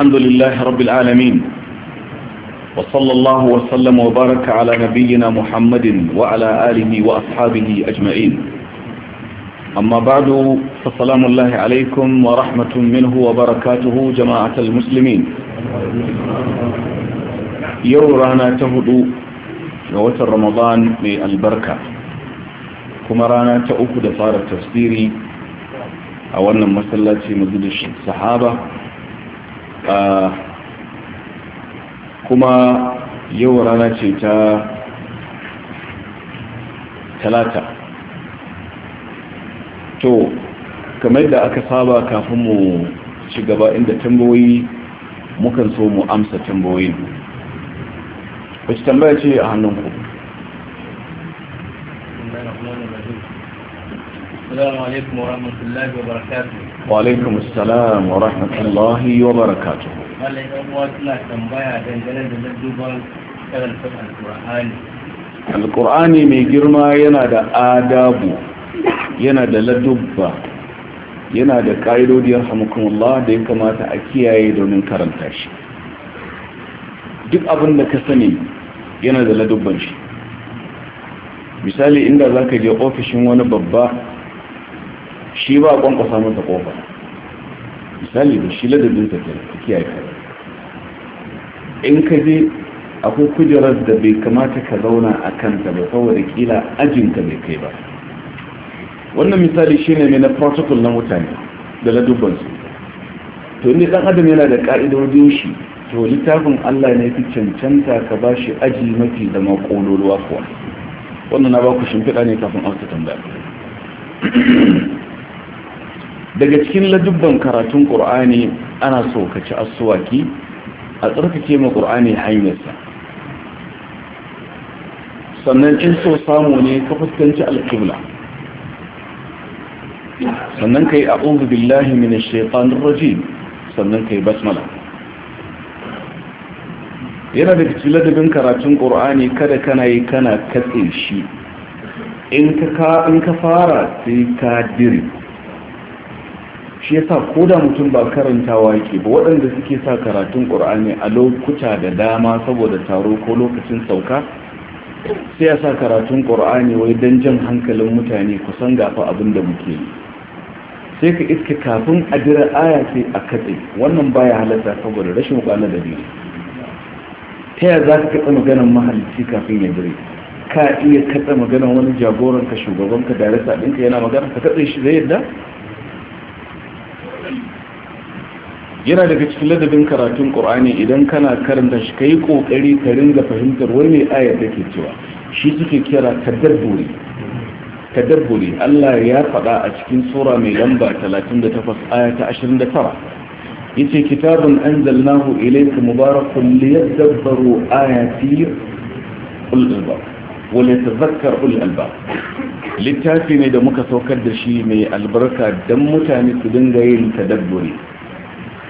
الحمد لله رب العالمين وصلى الله وسلم وبارك على نبينا محمد وعلى آله وأصحابه أجمعين أما بعد فسلام الله عليكم ورحمة منه وبركاته جماعة المسلمين يورانا تهدو نوات رمضان من البركة كمرانا تأكد فار التفسيري أولا مسلاتي مزيد الصحابة kuma yau rana ce ta talata to kamar da aka saba kafin mu ci gaba inda tambayoyi mukan so mu amsa tambayoyi wacce tambaya ce a hannunku السلام عليكم ورحمة الله وبركاته وعليكم السلام ورحمة الله وبركاته قال لي لا تنبايا دنجلة دنجلة كذا القرآن القرآن mai girma yana da adabu yana da ladubba yana da ƙa'idodi yarhamukumullah da ya kamata a kiyaye domin karanta shi duk abin da ka sani yana da ladubban shi misali inda zaka je ofishin wani babba shi ba kwasa masa kofa misali da shi ladabin ta ke kiyaye ka in ka je akwai kujerar da bai kamata ka zauna a kanta ba saboda kila ajinka bai kai ba wannan misali shine ne na protocol na mutane da ladubbansu to ne dan adam yana da ka'idodin shi to littafin Allah ne fi cancanta ka ba shi aji mafi da makololuwa kuwa wannan na ba ku shimfiɗa ne kafin auta tambaya daga cikin ladubban karatun ƙur'ani ana so ka ci asuwaki a tsarkake ma ƙur'ani hanyarsa sannan in so samu ne ka fuskanci alƙibla sannan ka yi a'udhu billahi min shaitanir rajim sannan ka yi basmala yana da cikin ladabin karatun ƙur'ani kada kana yi kana katse shi in ka fara sai ka diri shi yasa ko da mutum ba karantawa yake ba waɗanda suke sa karatun ƙur'ani a lokuta da dama saboda taro ko lokacin sauka sai ya sa karatun ƙur'ani wai don jan hankalin mutane kusan gafa abin da muke yi sai ka iske kafin a jira aya sai a katse wannan baya halatta saboda rashin kwana da biyu ta yaya za ka katsa maganar mahalicci kafin ya jire ka iya katse maganar wani jagoranka shugabanka darasa ɗinka yana magana ka katse shi zai yadda yana daga cikin ladabin karatun qur'ani idan kana karanta shi ka yi kokari ka ringa fahimtar wani ayar da ke cewa shi suke kira tadabburi tadabburi Allah ya faɗa a cikin sura mai lamba 38 aya ta 29 yace kitabun anzalnahu ilayka mubarakun liyadabbaru ayati ulul albab wa litadhakkar ulul albab littafi ne da muka saukar da shi mai albarka dan mutane su dinga yin tadabburi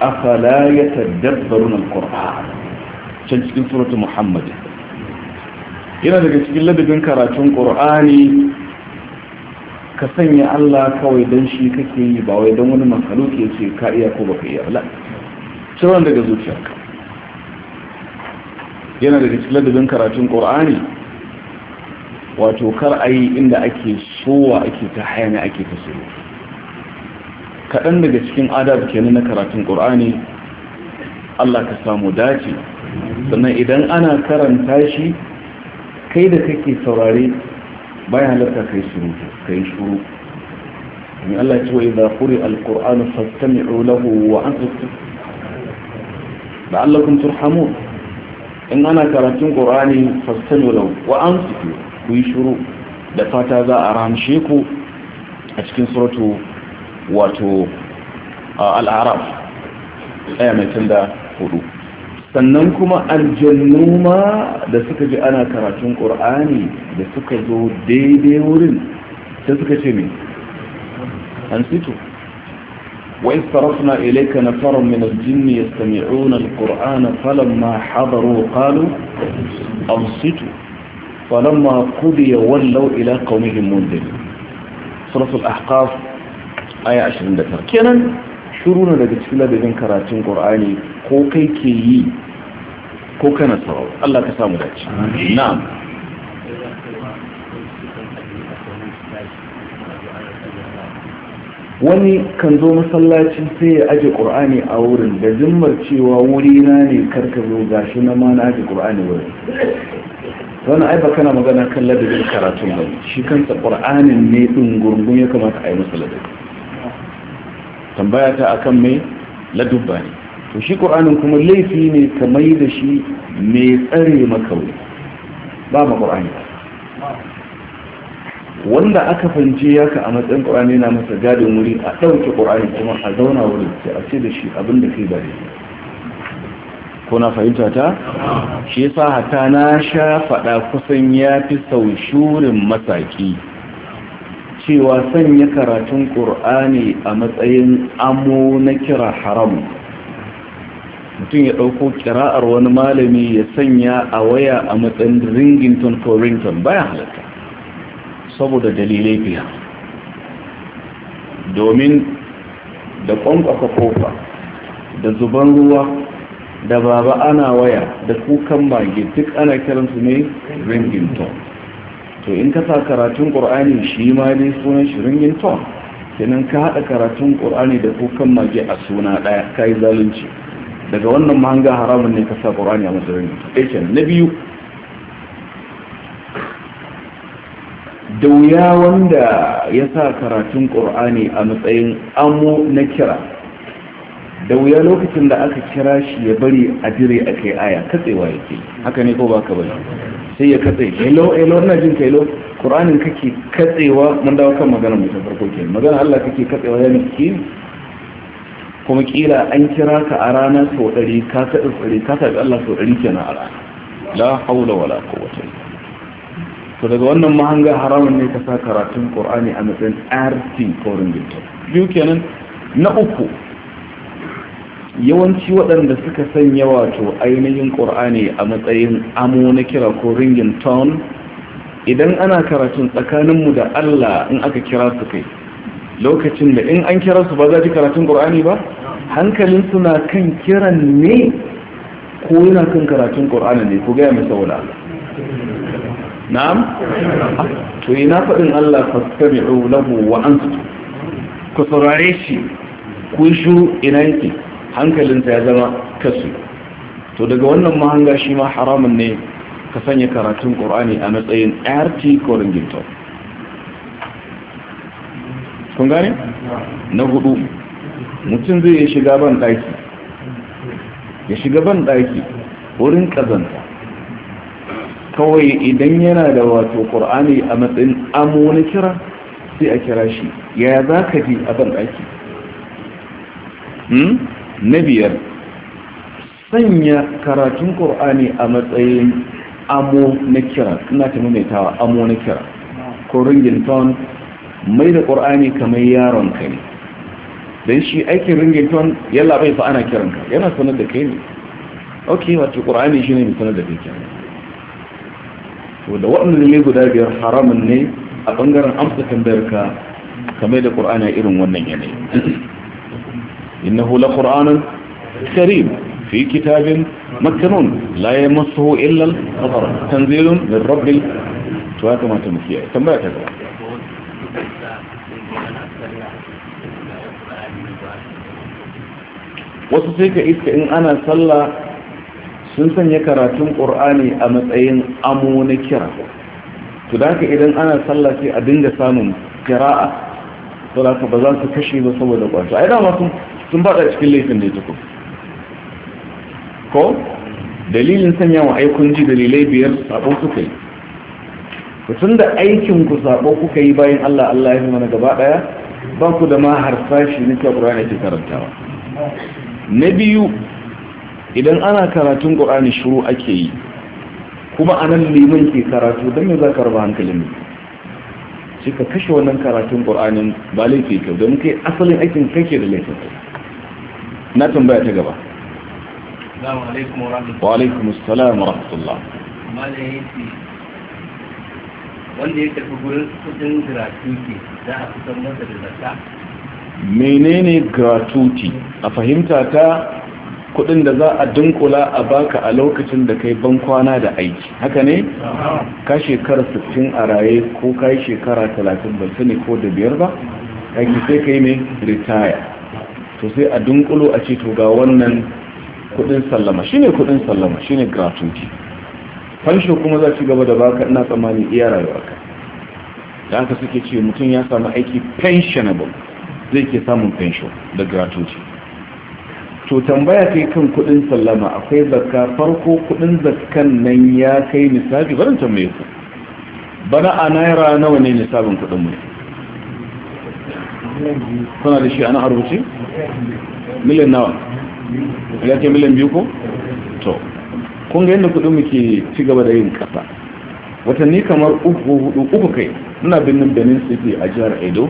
afala ya tadabbarun alkur'an can cikin suratu muhammad yana daga cikin ladabin karatun qur'ani ka sanya Allah kawai don shi kake yi ba wai don wani makaluki ce ka iya ko baka iya ba ciwon daga zuciyarka yana daga cikin ladabin karatun qur'ani wato kar a yi inda ake sowa ake ta hayani ake ta kaɗan daga cikin adab kenan na karatun ƙur'ani Allah ka samu dace sannan idan ana karanta shi kai da kake saurare bayan halarta kai shuru kai shuru in Allah ya ce wa idza quri al-qur'anu fastami'u lahu da ansitu la'allakum turhamun in ana karatun qur'ani fastami'u lahu wa ansitu ku yi shuru da fata za a ramshe ku a cikin suratu wato al'arab ɗaya mai tun da hudu sannan kuma ma da suka ji ana karatun ƙorani da suka zo daidai wurin sai suka ce ne wai sito wa istarafu na ilaika na faron minar jini ya sami ronar ƙorani falon ma haɗaro ƙalu an sito falon ma kudi yawon lau'ila ƙaunihin mundin surafin ahkafu aya 29 kenan shuru na daga cikin ladabin karatun qur'ani ko kai ke yi ko kana sarau Allah ka samu dace na'am wani kan zo masallacin sai ya aje kur'ani a wurin da zimmar cewa wuri na ne karka zo gashi na ma na aje qur'ani wurin wani ai kana magana kan ladabin karatun ba shi kansa qur'anin ne din gurgun ya kamata a yi masa ladabi tambaya ta akan mai ladubba ne to shi qur'anin kuma laifi ne ka mai da shi mai tsare maka ba ma qur'ani wanda aka fance yaka a matsayin qur'ani yana masa gadin wuri a ɗauke qur'ani kuma a zauna wuri sai a ce da shi abin da kai bari ko na fahimta ta shi yasa hata na sha faɗa kusan ya fi sau shurin masaki cewa sanya karatun ƙur'ani a matsayin amo na kira haram mutum ya ɗauko kira'ar wani malami ya sanya a waya a matsayin ringington ko rington baya halitta, saboda dalilai biya domin da kwankwasa kofa da zuban ruwa da baba ana waya da kukan mage duk ana kiransu ne ringington to in ka sa karatun ƙur'ani shi ma dai sunan shirin yin ton kenan ka haɗa karatun ƙur'ani da kukan mage a suna ɗaya ka yi zalunci daga wannan mahanga haramun ne ka sa ƙur'ani a matsayin ɗaken eh, na biyu da wuya wanda ya sa karatun ƙur'ani a matsayin amo na kira da wuya lokacin da aka kira shi ya bari a dire a kai aya katsewa yake haka ne ko ba ka bari sai ya katse elo elo ina jin ka hello qur'anin kake katsewa mun dawo kan magana mu ta farko ke magana Allah kake katsewa ya miki kuma kila an kira ka a rana sau ɗari ka taɓa tsare ka taɓa Allah sau ɗari kenan a rana la haula wala quwwata to daga wannan mahanga haramun ne ka sa karatun qur'ani a matsayin arti ko ringin biyu kenan na uku yawanci waɗanda suka sanya wato ainihin ƙur'ani a matsayin amo na kira ko ringin town idan ana karatun tsakaninmu da Allah in aka kira su kai lokacin da in an kira su ba za ji karatun ƙur'ani ba hankalin suna kan kiran ne ko yana kan karatun ƙur'ani ne ko gaya mai wula Na na'am to ina faɗin Allah fastami'u lahu wa ku saurare shi ku shiru inanki. hankalinsa ya zama kasu to daga wannan mahanga shi ma haramun ne ka sanya karatun ƙorani a matsayin rt ko kun gane? na hudu mutum zai ya shiga ban ɗaki ya shiga ban ɗaki wurin ƙazanta kawai idan yana da wato ƙorani a matsayin amo na kira sai a kira shi ya za ka ji a ban ɗaki? Hmm? na biyar sanya karatun ƙor'ani a matsayin amo na kira ina ta maimaitawa amo na kira ko ringington mai da ƙor'ani kamar yaron ka don shi aikin ringin ton yalla bai fa ana kiran ka yana sanar da kai ne ok wato ƙur'ani shi ne sanar da kai kira da waɗanda ne guda biyar haramun ne a ɓangaren amsa tambayar ka kamar da a irin wannan yanayi إنه لقرآن كريم في كتاب مكنون لا يمسه إلا الخطر تنزيل من رب فهذا wasu sai ka iska in ana sallah sun sanya karatun ƙur'ani a matsayin amo na kira da haka idan ana sallah sai a dinga samun kira'a da haka ba za su kashe ba saboda ƙwato sun faɗa cikin laifin da ya ko dalilin sanya wa aikun ji dalilai biyar sabon suka yi tun da aikin ku sabo kuka yi bayan Allah Allah ya mana gaba daya ba ku da ma harsashi na Qur'ani ke karantawa na biyu idan ana karatun Qur'ani shiru ake yi kuma nan liman ke karatu dan me za ka raba hankalin mu sai ka kashe wannan karatun Qur'anin ba laifi kyau don kai asalin aikin kake da laifin na tambaya ta gaba wa alaikum wa rahmatullah wanda ya tafi gratuity a da menene a fahimta ta kudin da za a dinkula a baka a lokacin da kai ban kwana da aiki haka ne ka shekara 60 a raye ko kai shekara 30 ba sani ko da biyar ba aiki sai kai mai retire to sai a dunkulo a ce to ga wannan kudin sallama shine kudin sallama shine gratuity fansho kuma za ci gaba da baka ina tsammani iya rayuwa ka da haka suke ce mutum ya samu aiki pensionable zai ke samun fensho da gratuity to tambaya kai kan kudin sallama akwai zakka farko kudin zakkan nan ya kai nisabi barin tambaye ku bana a naira nawa ne nisabin kudin mu kuna da shi a nan haruci miliyan nawa ya ce miliyan biyu ko to kun ga yadda kudin muke ci gaba da yin kasa watanni kamar uku hudu uku kai muna birnin benin city a jihar edo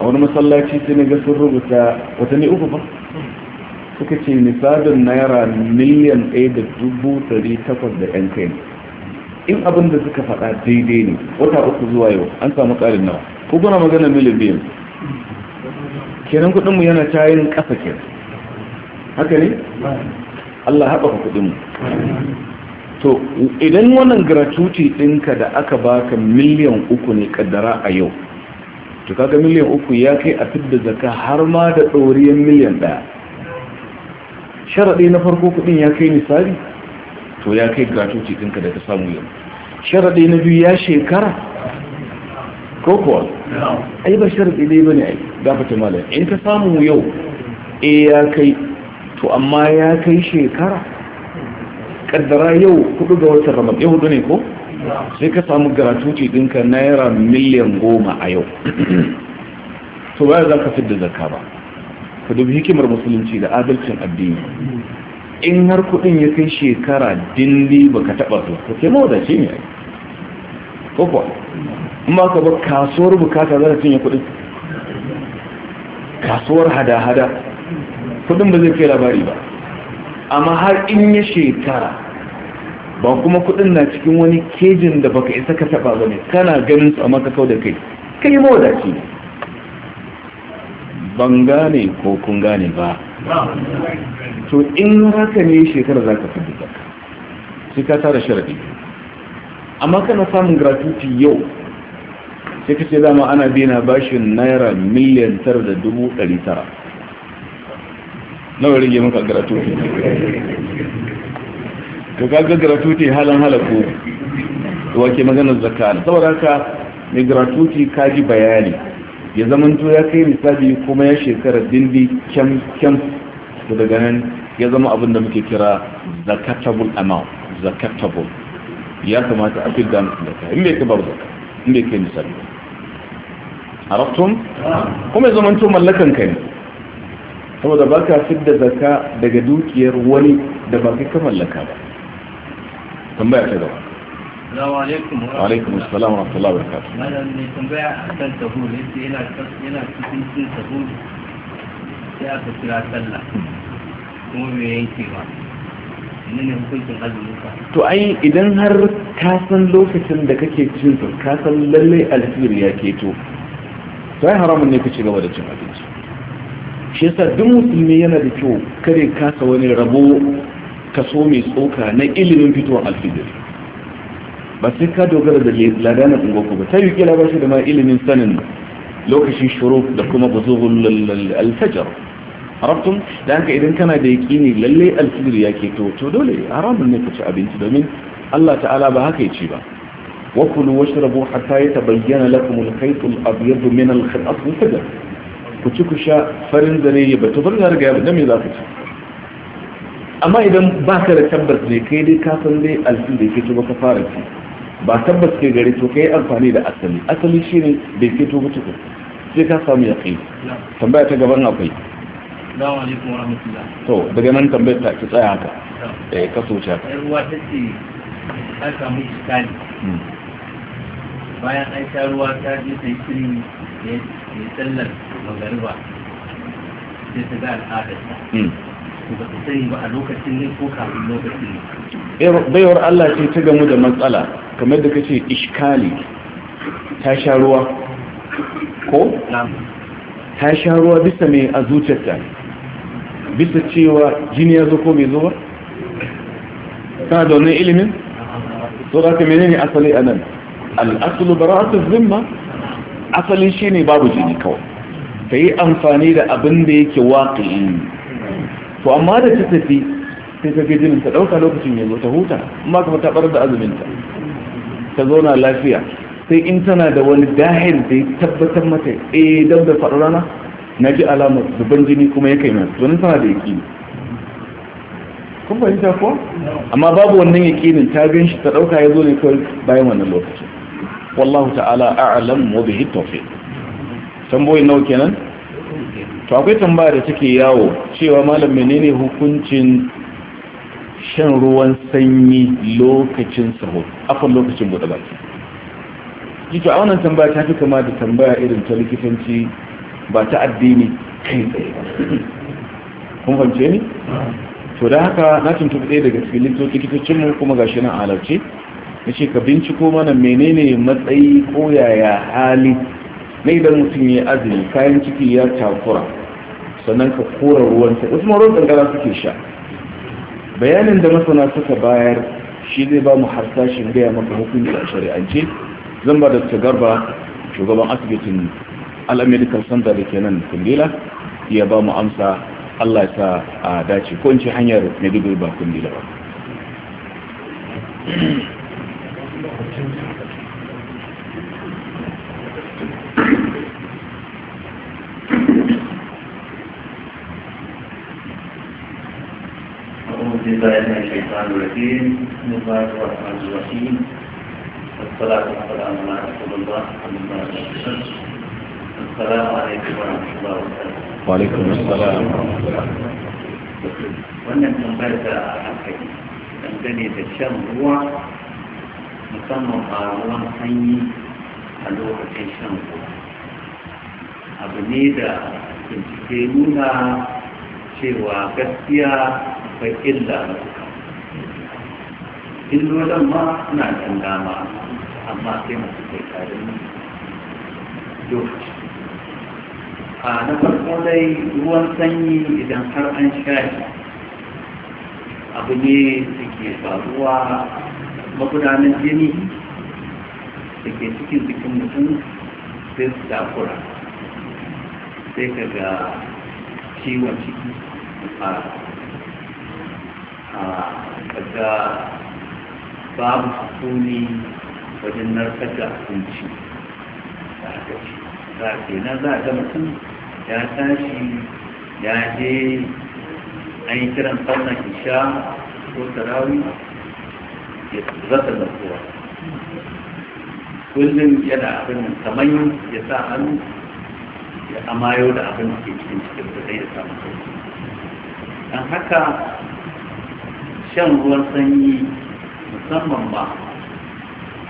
a wani masallaci sai na gasar rubuta watanni uku ba suka ce nisadin naira miliyan ɗaya da dubu dari takwas da yan kai in abin da suka faɗa daidai ne wata uku zuwa yau an samu ƙarin nawa ko kuna magana miliyan biyu kenan kudinmu yana tayin kasa ke haka ne Allah haɓaka kudinmu to idan wannan gratuity ɗinka da aka baka miliyan uku ne kaddara a yau to kaga miliyan uku ya kai a fidda zaka har ma da ɗoriyar miliyan ɗaya sharaɗe na farko kuɗin ya kai misali to ya kai gratuity ɗinka da ka samu yau sharaɗi na biyu ya shekara ko kuwa ai ba sharadi dai bane ai gafata malam in ka samu yau eh ya kai to amma ya kai shekara kaddara yau kudu ga watan ramadan yau hudu ne ko sai ka samu garatuci dinka naira miliyan goma a yau to baya za ka fidda zakka ba ka dubi hikimar musulunci da adalcin addini in har kudin ya kai shekara dindi baka taba su ka ce ne ai ko in ba ka bar kasuwar bukata za ta cinye kudin kasuwar hada-hada kudin ba zai kai labari ba amma har in ya shekara ba kuma kudin na cikin wani kejin da baka isa ka taba ba ne kana ganin su amma ka kau da kai kai mawadaci ne ban gane ko kun gane ba to in haka ne shekara za ka fi duka sai ka tara sharadi amma kana samun gratuity yau sai ka ce dama ana bina bashin naira miliyan tara da dubu ɗari tara nawa rage maka gratuity ka kaga gratuity halin halako wake maganar zakka saboda ka mai gratuity kaji bayani ya zamanto ya kai misali kuma ya shekara dindi kyam kyam su daga nan ya zama abin da muke kira zakatable amount zakatable ya kamata a fidda musu zaka in bai kabar zaka in bai kai misali arabtum kuma zaman to mallakan kai saboda baka fidda zaka daga dukiyar wani da ba kai ka mallaka ba tambaya ta gaba Assalamu alaikum wa alaikum assalam wa rahmatullahi wa barakatuh malam ne tambaya akan tahur yace yana yana cikin cin tahur sai aka kira sallah kuma bai yanke ba to ai idan har ka san lokacin da kake cin su ka san lallai alfiyar ya ke to ai haramun ne ka ci gaba da cin abinci shi yasa duk musulmi yana da kyau kare kasa wani rabo kaso mai tsoka na ilimin fitowar alfiyar. ba sai ka dogara da ladanar ungoku ba ta yi kila ba shi da ma ilimin sanin lokacin shuru da kuma buzuhun alfajar harabtun da haka idan kana da yaƙini lalle alfijir ya ke to to dole haramun ne ka ci abinci domin Allah ta'ala ba haka ya ci ba wa kulu washrabu hatta yatabayyana lakum al-khayt abu abyad min al-khayt al-fajr ku ci ku sha farin zare ya bata farin zare ga da me za ku ci amma idan ba ka da tabbas ne kai dai ka san dai alfijir ke to baka fara ci ba tabbas ke gare to ka yi amfani da asali asali shine bai ke to ba tukun sai ka samu yaqini tambaya ta gaban akwai To daga nan tambayar ta ki tsaya Eh ka soce hmm. Bayan an sha ruwa ta je ta yi shirin ya sallar magariba. Sai ta ga al'adarta. Hmm. Ba sani ba a lokacin ko kafin lokacin Baiwar Allah ce ta gamu da matsala kamar da kace iskali ta sha ruwa ko? Ta sha ruwa bisa mai a zuciyarta bisa cewa jini ya zo ko mai zuwa kana da wani ilimin to za ka menene asali a nan al'asulu bara'atu zimma asali ne babu jini kawai ka yi amfani da abin da yake waƙi to amma da ta tafi sai tafi jinin ta ɗauka lokacin yanzu ta huta amma kuma ta ɓarar da azuminta ta zauna lafiya sai in tana da wani dahil da ya tabbatar mata eh don da faɗo rana na ji alamar zuban jini kuma ya kai nan wani sana da Kuma kun fahimta kuwa amma babu wannan ne ta gan shi ta ɗauka ya zo ne kawai bayan wannan lokaci wallahu ta'ala a'lam wa bihi tawfiq tamboyin nawa kenan to akwai tambaya da take yawo cewa malam menene hukuncin shan ruwan sanyi lokacin sahur afan lokacin buɗe baki Jijo a wannan tambaya ta fi kama da tambaya irin ta likitanci ba ta addini kai tsaye kun fance ni to da haka na tuntuɓi ɗaya daga cikin likitocinmu kuma gashi nan alauce na ce ka binciko mana menene matsayi ko yaya hali na idan mutum ya azumi kayan ciki ya takura sannan ka kora ruwan ta wasu ruwan kankara suke sha bayanin da masana suka bayar shi zai ba mu harsashin gaya maka hukunci a shari'ance zan ba da garba shugaban asibitin al'american center da ke nan kundila ya ba mu amsa allah ta a dace ko in ce hanyar maiduguri ba kundila ba بالله من الشيطان الله الرحمن السلام عليكم ورحمة الله وبركاته وعليكم السلام ورحمة الله wannan tambayar da aka yi dangane da shan ruwa musamman ba ruwan sanyi a lokacin shan ruwa abu ne da bincike nuna cewa gaskiya akwai illa illolin ma suna can dama amma sai masu kai tare lokaci a na farko dai ruwan sanyi idan har an sha abu ne da ke faruwa magudanar jini da ke cikin jikin mutum sai su dakura sai ka ga ciwon ciki a daga babu sukuni wajen narkar da abinci da za kenan za ga mutum ya tashi ya je an yi kiran tsarnar isha ko tarawi ya zata da kowa kullum yana abin kamar ya sa hannu ya amayo da abin ke cikin cikin da zai samu sauki don haka shan ruwan sanyi musamman ba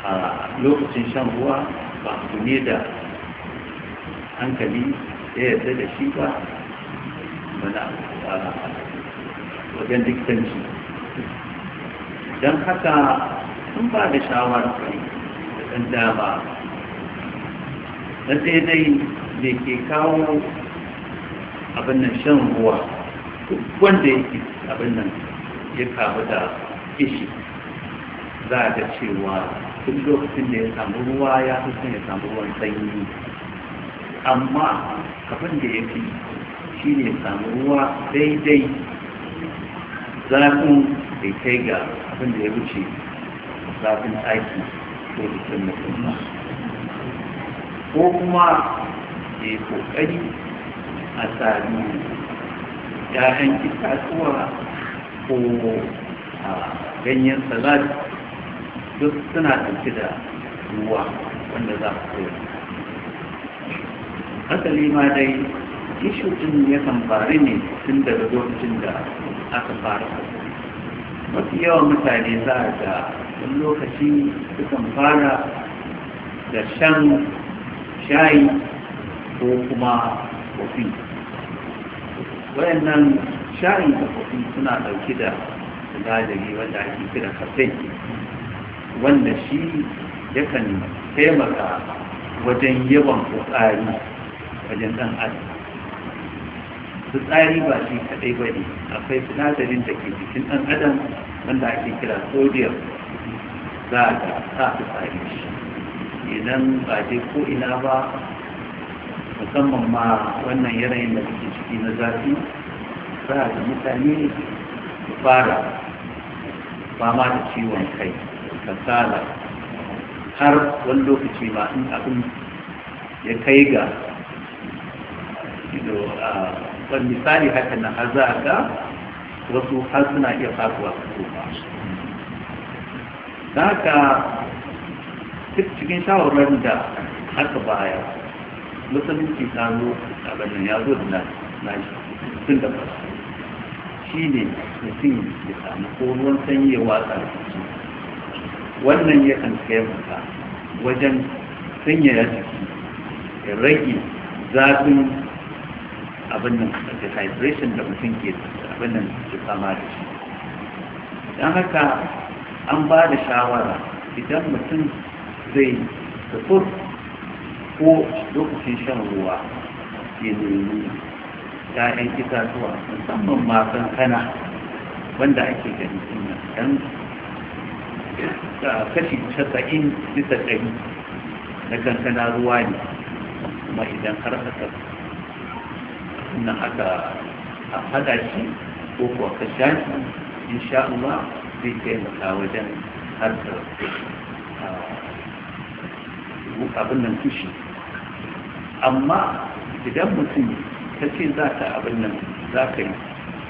a lokacin shan ruwa ba su ne da hankali ya yarda da shi ba mana wajen likitanci don haka sun ba da shawarar da ɗan dama na daidai da ke kawo abin shan ruwa wanda wanda ke abin nan ya kawo da kishi za a ga cewa duk lokacin da ya samu ruwa ya fi son ya samu ruwan sanyi amma abin da ya fi shi ne samu ruwa daidai zafin da kai ga abin da ya wuce zafin aiki ko jikin mutum ma, ko kuma ya yi kokari a sami ‘ya'yan itatuwa ko a ganyen salad duk suna ɗauke da ruwa wanda za a kai. asali ma dai ishu din yakan faru ne tun daga lokacin da aka fara mafi yawan mutane za a ga wani lokaci kan fara da shan shayi ko kuma kofi wayannan shayi da kofi suna ɗauki da sinadari wanda ake kira kafin wanda shi yakan taimaka wajen yawan kokari wajen ɗan adam tsari ba shi kaɗai ba ne akwai sinadarin da ke jikin ɗan adam wanda ake kira sodium za a ga sa tsari. idan ba je ko ina ba musamman ma wannan yanayin da suke ciki na zafi za a ga mutane su fara fama da ciwon kai kasala har wani lokaci ma in abin ya kai ga ban misali haka na hazaka ga wasu har suna iya faruwa su ba da haka cikin shawarar da aka baya musulunci ta zo a banin ya zo da na tun da fara shi ne mutum ya samu ko ruwan sanyi ya watsa da jiki wannan ya yakan taimaka wajen sanyaya jiki ya rage zafin abin da vibration da mutum ke abin nan da sama da shi don haka an ba da shawara idan mutum zai tafi ko lokacin shan ruwa ya nemi ‘ya'yan itatuwa musamman ma kankana wanda ake gani dan ah, kashi casa'in bisa ɗari na kankana ruwa ne kuma idan har aka na aka hada shi ko kuwa ka sha shi insha Allah zai taimaka wajen harkar abin nan fushi amma idan mutum ta ce za ta abin nan za ka yi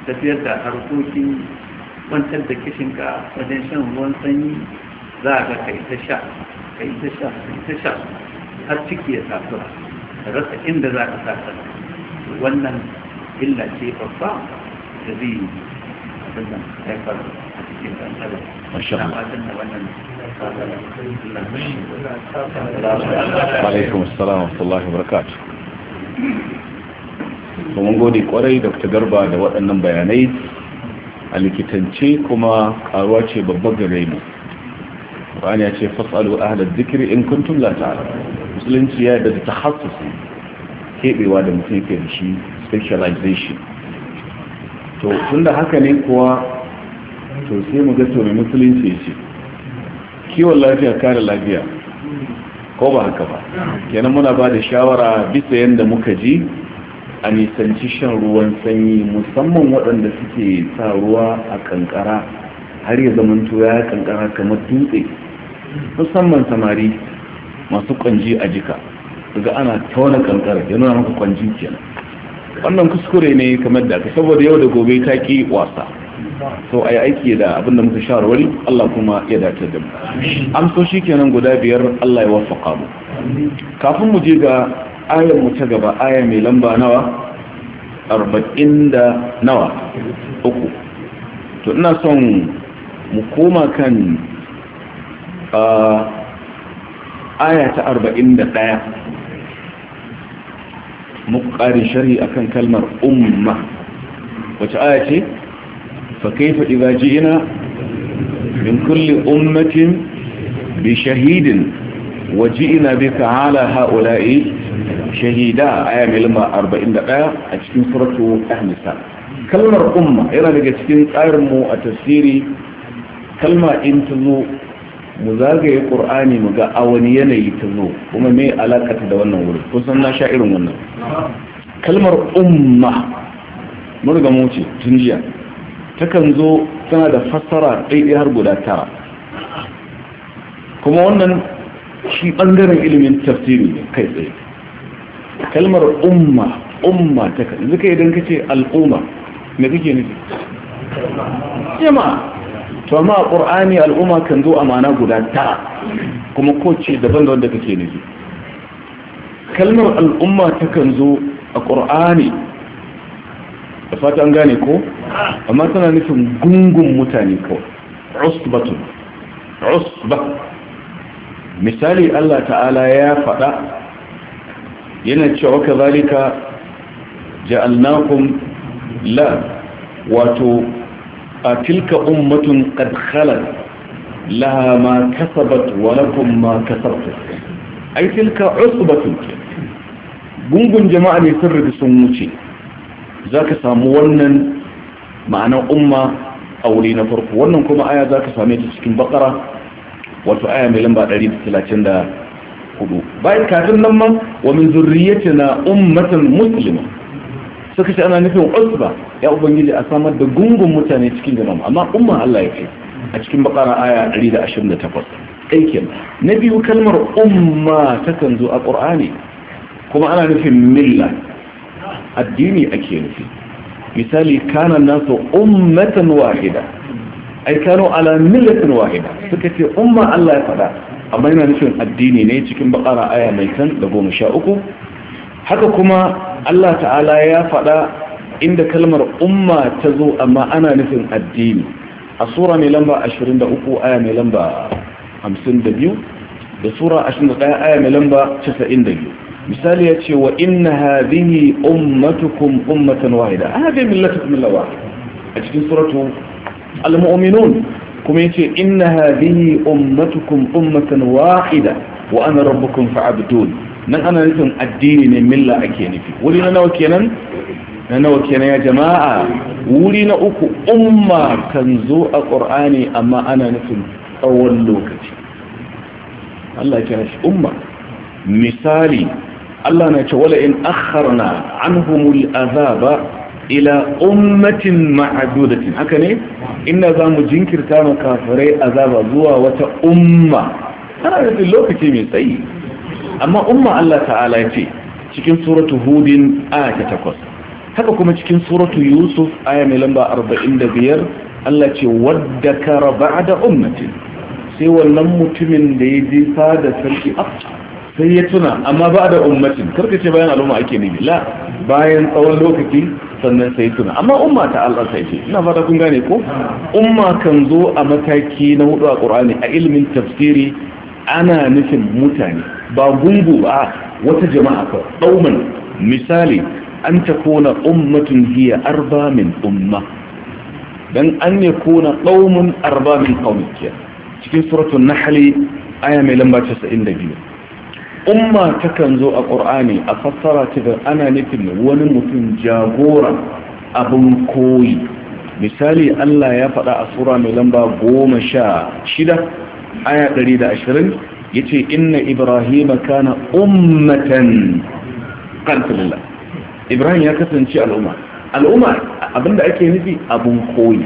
tafiyar da harkokin kwantar da kishinka wajen shan ruwan sanyi za a ga ka yi ta sha ka yi ta sha ka yi ta sha har ciki ya tafi rasa inda za ka sa والنمس إلا في قصة جديد عليكم السلام ورحمة الله وبركاته ومن قولي قولي دكتور قربة لوقت النم بيانيت اللي كتنشي كما قارواتي ببقى ليمو وعني اشي فاسألوا اهل الذكر ان كنتم لا تعلم مثل انت يا بدي تخصصي keɓewa da mutum yake da shi specialization to tun da haka ne kuwa to sai mu ga mai musulunci ce kiwon lafiya kare lafiya ko ba haka ba kenan muna ba da shawara bisa yadda muka ji a nisanci shan ruwan sanyi musamman waɗanda suke sa ruwa a kankara har ya zamanto ya kankara kamar dutse musamman samari masu kwanji a jika ga ana tauna kankara ya nuna maka kwanci kenan wannan kuskure ne kamar da ka saboda yau da gobe ta ki wasa so a yi aiki da abin da muka shawarwari Allah kuma ya dace da mu amso shi kenan guda biyar Allah ya wafaka mu kafin mu je ga ayar mu ta gaba aya mai lamba nawa arba'in da nawa uku to ina son mu koma kan ah, aya ta arba'in da ɗaya Muƙari shari akan kalmar umma wace aya ce fa kaifa ina ji'na min kulli ummatin bi shahidin wa ji'na bika ala haula'i shahida aya mai 41 a cikin suratu an kalmar umma yana daga cikin tsarin mu a tafsiri kalma in tazo mu zagaye ƙur'ani mu ga a wani yanayi ta zo kuma me alakata da wannan wurin kusan na sha irin wannan kalmar umma murga mu ce tun jiya takan zo tana da fassara ɗaiɗai har guda tara kuma wannan shi ɓangaren ilimin tafsiri ne kai tsaye kalmar umma umma ta kan zuka idan ka ce al'umma me kake nufi jama'a to a ƙur'ani al'umma kan zo amana guda tara kuma kowace daban da wanda kake nufi kalmar al'umma ta kan zo a ƙur'ani da fatan an gane ko amma tana nufin gungun mutane kawai usbatun usba misali Allah ta'ala ya faɗa yana cewa kazalika ja'alnakum la wato a tilka ummatun qad khalat laha ma kasabat ma ai tilka usbatun gungun jama'a ne sun riga sun wuce zaka samu wannan ma'anar umma a wuri na farko wannan kuma aya zaka same ta cikin bakara wato aya mai lamba 134 bayan kafin nan ma wa min zurriyyatina ummatan muslima suka ce ana nufin usba ya ubangiji a samar da gungun mutane cikin jama'a amma umma Allah ya fi a cikin bakara aya 128 aikin na biyu kalmar umma ta kan zo a qur'ani kuma ana nufin milla addini ake nufi misali kana nasu ummatan wahida ai kano ala millatin wahida suka ce umma Allah ya fada amma yana nufin addini ne cikin bakara aya mai san da goma sha uku haka kuma Allah ta'ala ya fada inda kalmar umma ta zo amma ana nufin addini a sura mai lamba 23 aya mai lamba 52 da sura 21 aya mai lamba 92 misali ya ce wa inna hadhihi ummatukum ummatan wahida hadhihi millatukum illallah a cikin suratu al-mu'minun kuma yace inna hadhihi ummatukum ummatan wahida wa ana rabbukum fa'budun nan ana nufin addini ne milla ake nufi wuri na nawa kenan na nawa kenan ya jama'a wuri na uku umma kan zo a ƙur'ani amma ana nufin tsawon lokaci Allah kira shi umma misali Allah na ce wala in akharna anhumul azaba ila ummatin ma'adudatin haka ne ina za mu jinkirta mu kafirai azaba zuwa wata umma ana nufin lokaci mai tsayi amma umma Allah ta'ala ce cikin suratu hudin aya ta takwas haka kuma cikin suratu yusuf aya mai lamba 45 Allah ce wadda ka a da ummati sai wannan mutumin da ya jefa da sarki a sai ya tuna amma ba da ummatin karka ce bayan al'umma ake nemi la bayan tsawon lokaci sannan sai tuna amma umma ta Allah sai ce ina fata kun gane ko umma kan zo a mataki na hudu a Qur'ani a ilimin tafsiri ana nufin mutane ba gungu ba wata jama'a ka dauman misali an ta kona ummatun hiya arba min umma dan an ya kona qaumun arba min qaumikiya cikin suratul nahl aya mai lamba 92 umma takan zo a ƙur'ani a fassara ta da ana nufin wani mutum jagora abun koyi misali Allah ya faɗa a sura mai lamba 16 aya 120 yace inna ibrahima kana ummatan qantillah ibrahim ya kasance al'umma al'umma abinda ake nufi abun koyi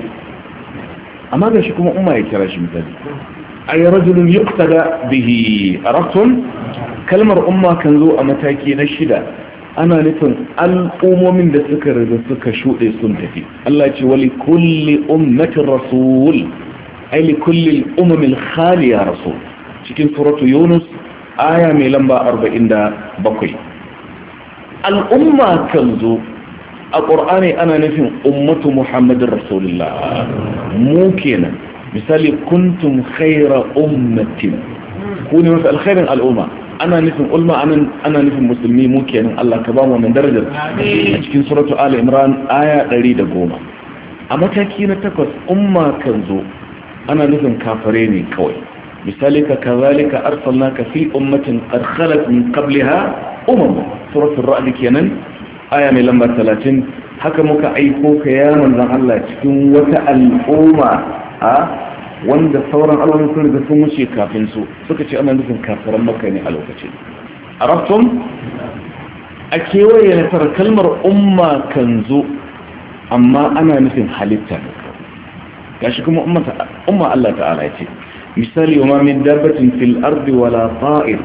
amma ga shi kuma umma ya kira shi misali yi rajulun yuqtada bihi arabtum kalmar umma kan zo a mataki na shida ana nufin al'ummomin da suka riga suka shuɗe sun tafi Allah ce wali kulli ummatin rasul ay kulli al khaliya rasul cikin suratu yunus aya mai lamba 47 al'umma kan zo a ƙur'ani ana nufin ummatu muhammadin rasulullah mu kenan misali kuntum khaira ummatin ku ne wasu alkhairin al'umma ana nufin ulma ana nufin musulmi mu kenan Allah ka ba mu wannan darajar a cikin suratu ala imran aya goma a mataki na takwas umma kan zo ana nufin kafare ne kawai بذلك ka أرسلناك في أمة قد خلت من قبلها أمم سورة الرعد kenan aya mai lamba ثلاثين haka muka aiko ka ya manzan Allah cikin wata al'umma a wanda sauran al'umma sun riga sun wuce kafin su suka ce ana nufin kafiran a ne a lokacin arabtum a kewaye na kalmar umma kan zo amma ana nufin halitta gashi kuma umma Allah ta'ala ce misali wa mamin dabbatin fil ardi wala ta'ir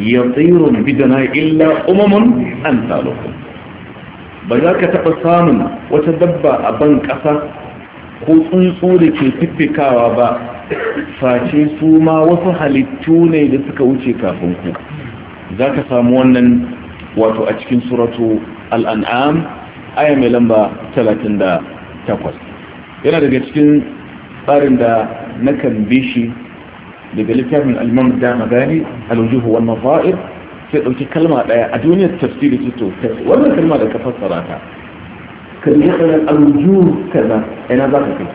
yatiru bidana illa umamun an talukum ba za ka taɓa samun wata dabba a ban ƙasa ko tsuntsu da ke fiffikawa ba face su ma wasu halittu ne da suka wuce kafin ku za ka samu wannan wato a cikin suratu al'an'am aya mai lamba 38 yana daga cikin tsarin da na kan bi shi daga littafin alman dama gani alwujuhu wal sai dauki kalma daya a duniyar tafsiri ce to wannan kalma da ka fassara ka yi kalan alwujuhu kaza ina za ka kai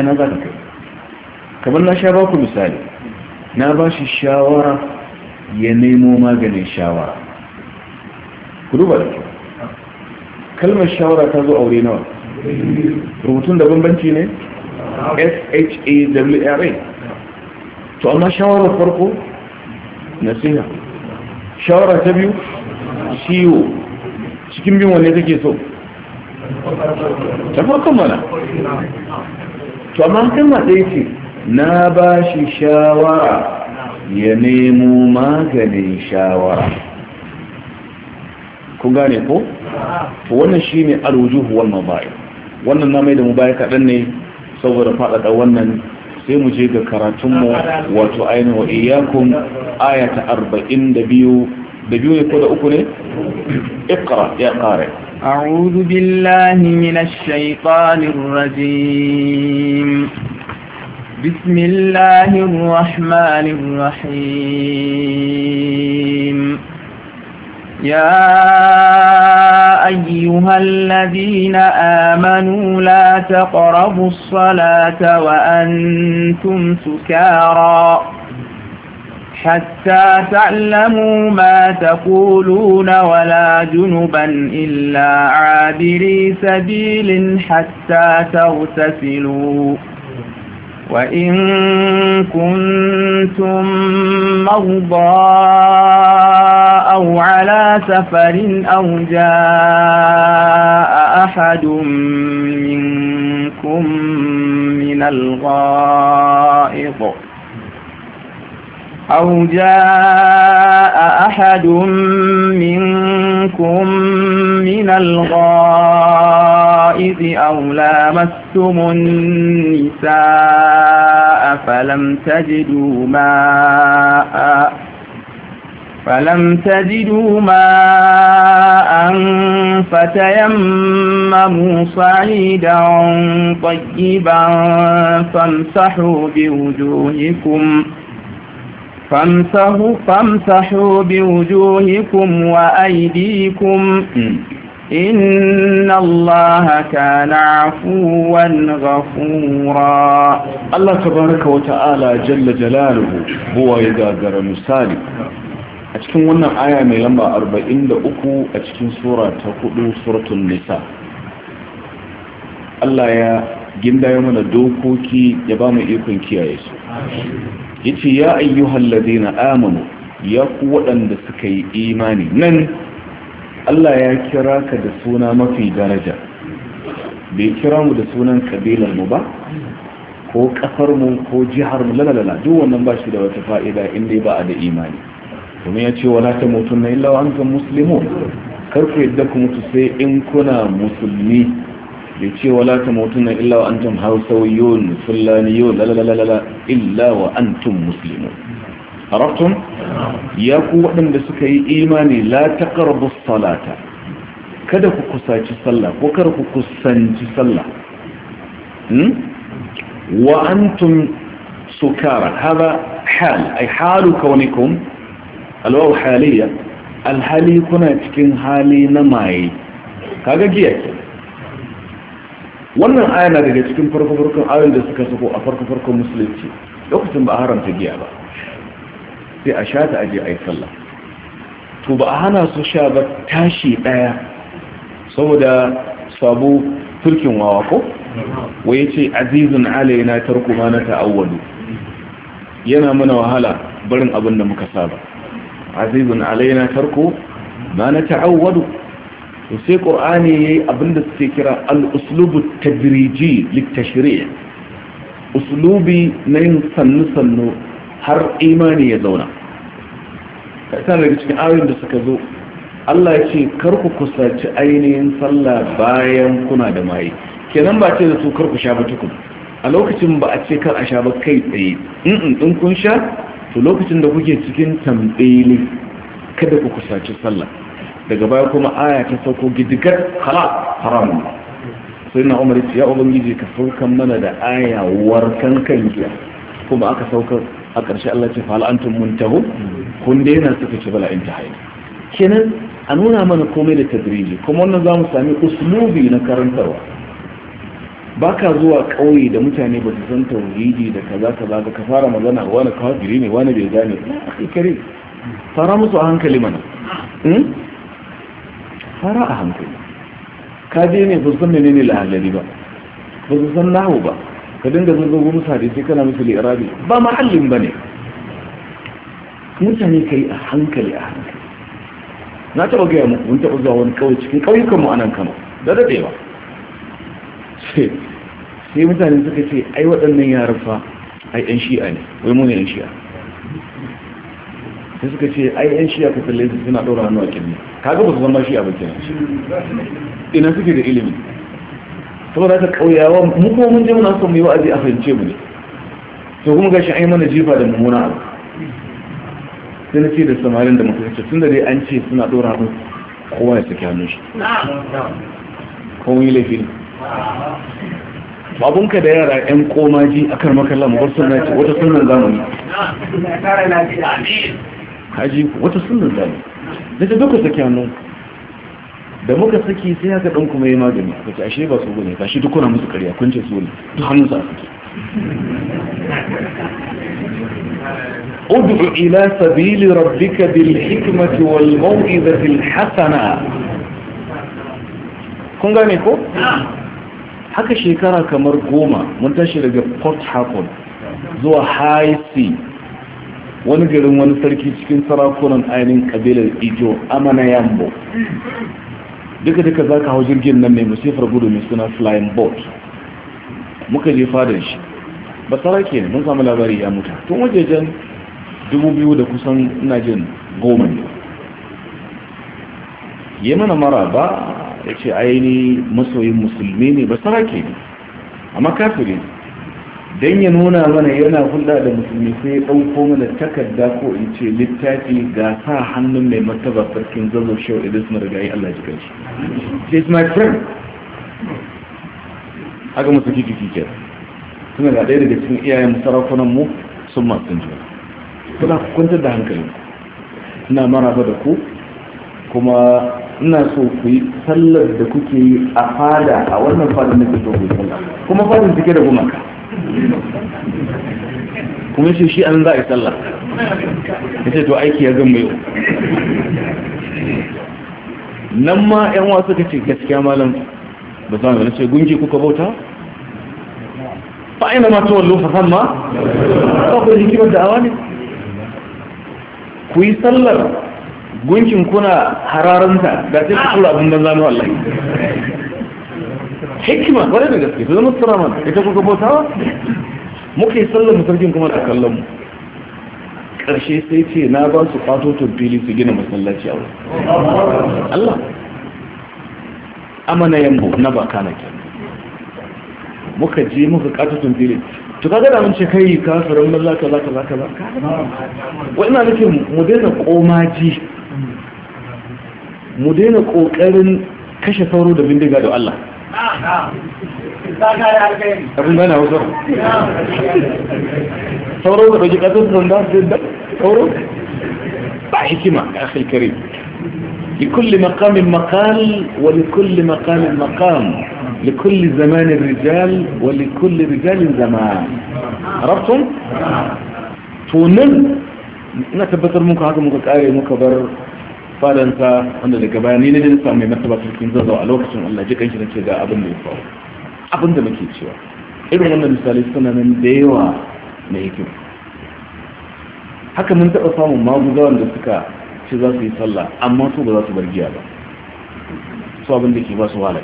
ina za ka kai kamar na sha baku misali na ba shi shawara ya nemo maganin shawara ku duba da kyau kalmar shawara ta zo aure nawa rubutun da bambanci ne s-h-a-w-r-a to amma shawarar farko nasiha shawara ta biyu ciwo cikin bin wane kake so ta farko mana to amma kalma ɗaya ce na ba shi shawara ya nemo maganin shawara kun gane ko? wannan shi ne alwujuhu wal mabai wannan na mai da baya kaɗan ne saboda faɗaɗa wannan sai mu je ga karatunmu wato ainihin wa iyakun ayata arba'in da biyu da biyu ne ko da uku ne? ikra ya kare أعوذ بالله من الشيطان الرجيم بسم الله الرحمن الرحيم يا أيها الذين آمنوا لا تقربوا الصلاة وأنتم سكارى حتى تعلموا ما تقولون ولا جنبا إلا عابري سبيل حتى تغتسلوا وإن كنتم مرضى أو على سفر أو جاء أحد منكم من الغائط أو جاء أحد منكم من الغائب أو لامستم النساء فلم تجدوا ماء فلم تجدوا ماء فتيمموا صعيدا طيبا فامسحوا بوجوهكم فامسحوا, فامسحوا بوجوهكم وأيديكم إن الله كان عفوا غفورا الله تبارك وتعالى جل جلاله هو يقدر مثالي a cikin wannan aya mai lamba uku a cikin surata ta suratun nisa Allah ya ginda mana dokoki ya bamu ikon kiyaye su yace ya ayyuhal ladina amanu ya waɗanda suka yi imani nan Allah ya kira ka da suna mafi daraja bai kira mu da sunan kabilar mu ba ko kafar mu ko jihar mu lalala duk wannan ba shi da wata fa'ida in dai ba a da imani kuma ya ce wala ta mutum na illa wa antum kar ku yadda ku mutu sai in kuna musulmi bai ce wala ta mutunna illa wa antum hausawiyun fullaniyun lalalalala illa wa antum muslimun arabtum ya ku waɗanda suka yi imani la taqrabu salata kada ku kusaci sallah ko kada ku kusanci sallah hmm? wa an antum sukara hada hal ay halu kaunikum alwaw haliya alhali kuna cikin hali na maye kaga giya wannan aya na daga cikin farko-farkon ayoyin da suka sako a farko-farkon musulunci lokacin ba a haramta giya ba sai a shata aje a yi sallah to ba a hana su sha ba tashi ɗaya saboda sabo turkin wawa ko waye ce azizun alaina tarku ma na ta'awwalu yana mana wahala barin abin da muka saba azizun alaina tarku ma na ta'awwalu to sai qur'ani yayi abinda suke kira al-uslubu tadriji litashri' uslubi na yin sannu sannu har imani ya zauna Ka san daga cikin ayoyin da suka zo Allah ya ce kar ku kusaci ainihin sallah bayan kuna da maye kenan ba ce da su kar ku sha ba tukun a lokacin ba a ce kar a sha ba kai tsaye in in kun sha to lokacin da kuke cikin tambayi kada ku kusaci sallah daga baya kuma aya ta sauko gidigar kala haram sai na umar ya ubangiji ka saukan mana da aya warkan kan giya kuma aka saukar a ƙarshe Allah ce fa'al antum muntahu kun na suka ce bala intihai kenan a nuna mana komai da tadriji kuma wannan za mu sami uslubi na karantarwa ba ka zuwa ƙauye da mutane ba su san tauhidi da kaza kaza ka fara magana wani kafiri ne wani bai gane kare fara musu a hankali mana hmm? fara a hankali ka je ne ba san menene lahalari ba ba su san nahu ba ka dinga zurga gurin sai kana musu li'irabi ba mahallin ba ne mutane ka yi a hankali a hankali na taɓa gaya muku mun taɓa zuwa wani kawai cikin ƙauyukan mu a nan kano da ba. sai mutane suka ce ai waɗannan yaran fa ai ɗan shi'a ne wai mu ne ɗan shi'a sai suka ce ai yan shiya ka tsalle su suna ɗora hannu a kirni kaga ba su zama shiya ba kenan ina suke da ilimi saboda haka kauyawa mu kuma mun je muna son mu yi wa'azi a fahimce mu ne to kuma gashi an yi mana jifa da mummuna abu sai na ce da samarin da mutum tun da dai an ce suna ɗora hannu kowa ya saki hannun shi kuma yi laifi babun babunka da yara 'yan komaji a kan makalla mu bar suna ce wata sunan zamani haji wata sunan da ne da ta duka saki hannun da muka saki sai haka ɗan kuma yi magani aka ce ashe ba su gune ba shi dukuna musu karya kun ce su ne duk hannun sa suke ud'u ila sabili rabbika bil hikmati wal mau'izati al hasana kun gane ko haka shekara kamar goma mun tashi daga port harcourt zuwa high sea wani garin wani sarki cikin sarakunan ainihin kabilar ijo amana yambo duka duka za ka hau jirgin nan mai musifar gudu mai suna flying boat muka je fadar shi ba sarake ne mun samu labari ya mutu tun wajejen dubu biyu da kusan ina jin goma ne ya mana mara ba ya ce ainihin masoyin musulmi ne ba sarake ne amma kafirin don ya nuna mana yana hulɗa da musulmi sai ya ɗauko mana takarda ko in ce littafi ga sa hannun mai martaba sarkin zazo shau riga yi allah ji kai shi is my friend haka musu kiki kike suna ga ɗaya daga cikin iyayen sarakunan mu sun masu jiya kuna kwantar da hankali ina maraba da ku kuma ina so ku yi sallar da kuke yi a fada a wannan fadin da kuke so ku yi sallah kuma fadin take da gumaka kuma shi shi an za a yi sallah ya ce to aiki ya gama yau nan ma 'yan wasu ka ce gaskiya malam ba sami wani ce gungi kuka bauta fa'ina ma tuwon lufafan ma ba ku jiki wadda awa ne ku yi sallar gunkin kuna hararanta ga ce ku kula abin don na wallahi hikima kwarai da gaske zama tsara mana ita kuka bautawa muka yi sallar musarkin kuma da kallon mu ƙarshe sai ce na ba su kwato fili su gina masallaci a wurin Allah amana yambo na ba kana ke muka je muka kwato fili to kaga da mun ce kai ka faran malla ka za ka za ka ba wa ina nake mu daina komaji mu daina kokarin kashe sauro da bindiga da Allah نعم نعم ذاك قال لي قبل ما انا وصلت نعم صوروا حكمة أخي الكريم لكل مقام مقال ولكل مقام مقام لكل زمان الرجال ولكل رجال زمان عرفتم؟ تونن نتبتر منك هذا منك آية مكبر fadansa wanda daga ni ne da samu mai martaba sarkin zazzau a lokacin Allah ji kanshi nace ga abin da ya faru abin da muke cewa irin wannan misali suna nan da yawa na hikima haka mun taɓa samun maguza da suka ce za su yi sallah amma su ba za su bar giya ba su abin da ke ba su wahala